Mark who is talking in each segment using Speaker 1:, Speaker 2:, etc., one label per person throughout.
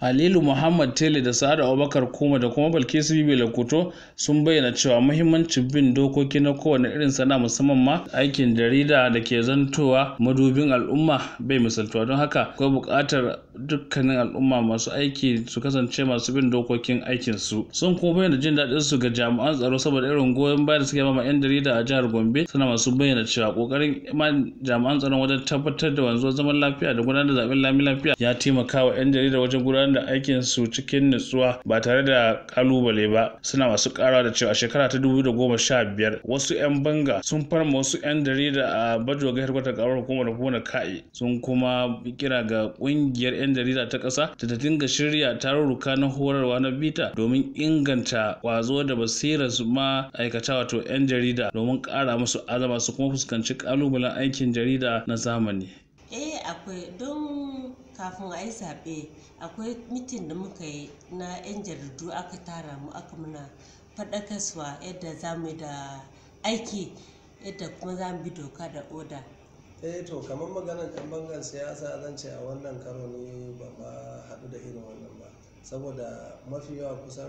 Speaker 1: Halilu Muhammad Tele da Sa'adu Abubakar Kuma da kuma Bilkisu Bibi Lakoto sun bayyana cewa muhimmancin bin dokoki na kowane irin sana musamman ma aikin jarida da ke zantowa madubin al'umma bai misaltuwa don haka akwai buƙatar dukkanin al'umma masu aiki su kasance masu bin dokokin aikinsu. Sun kuma bayyana jin daɗin su ga jami'an tsaro saboda irin goyon baya da suke ba 'yan jarida a jihar Gombe suna masu bayyana cewa ƙoƙarin jami'an tsaron wajen tabbatar da wanzuwar zaman lafiya da gudanar da zaɓen lami lafiya ya taimaka wa 'yan jarida wajen gudanar gudanar da aikin su cikin nutsuwa ba tare da kalubale ba suna masu karawa da cewa a shekara ta 2015 wasu 'yan banga sun farma wasu 'yan jarida a ga harkar karar hukumar kuna ka'i sun kuma kira ga kungiyar 'yan jarida ta ƙasa ta dinga shirya tarurruka na horarwa na bita domin inganta kwazo da basirar su ma aikata wato 'yan jarida domin ƙara musu azama su kuma fuskanci kalubalen aikin jarida na zamani.
Speaker 2: akwai don kafin a yi zaɓe akwai mitin da muka yi na 'yan jaridu aka tara mu aka muna faɗakaswa yadda za mu da aiki yadda kuma za mu bi doka da oda
Speaker 3: eh to kamar maganar kan bangar siyasa zan ce a wannan karo ne ba ma haɗu da irin wannan ba saboda mafi yawa kusan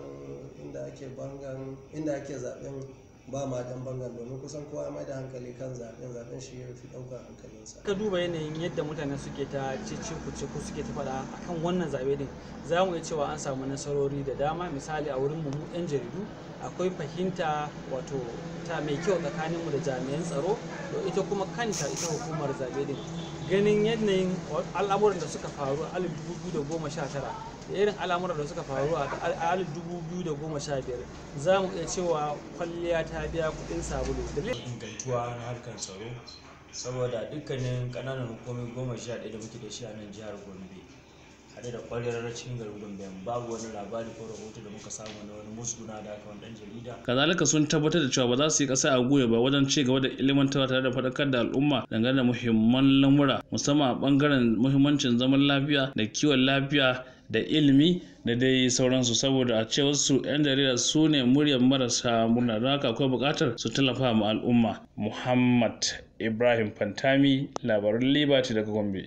Speaker 3: inda ake bangan inda ake zaɓen ba ma dan bangan domin kusan kowa mai da hankali kan zaben zaben shi ya fi hankalinsa
Speaker 4: ka duba yanayin yadda mutane suke ta cici kuce ko suke ta faɗa a kan wannan zabe din za mu iya cewa an samu nasarori da dama misali a wurin mu yan jaridu akwai fahimta wato ta mai kyau tsakanin mu da jami'an tsaro to ita kuma kanta ita hukumar zabe din ganin yanayin al'amuran da suka faru a 2019 da irin al'amuran da suka faru a 2015 za mu iya cewa kwalliya ta ta biya kuɗin sabulu da ingantuwa na harkar tsaro saboda dukkanin kananan hukumomi goma sha ɗaya da muke da shi a nan jihar gombe haɗe da ƙwararren cin garin bayan babu wani labari ko rahoto da muka samu na wani musguna da aka wani ɗan jarida.
Speaker 1: kazalika sun tabbatar da cewa ba za su yi ƙasa a goya ba wajen ci gaba da ilimantarwa tare da faɗakar da al'umma dangane da muhimman lamura musamman a bangaren muhimmancin zaman lafiya da kiwon lafiya da ilimi da dai sauransu saboda a ce wasu 'yan jarida su ne muryar marasa murna don haka akwai buƙatar su tallafa ma al'umma muhammad ibrahim fantami labarin liberty daga gombe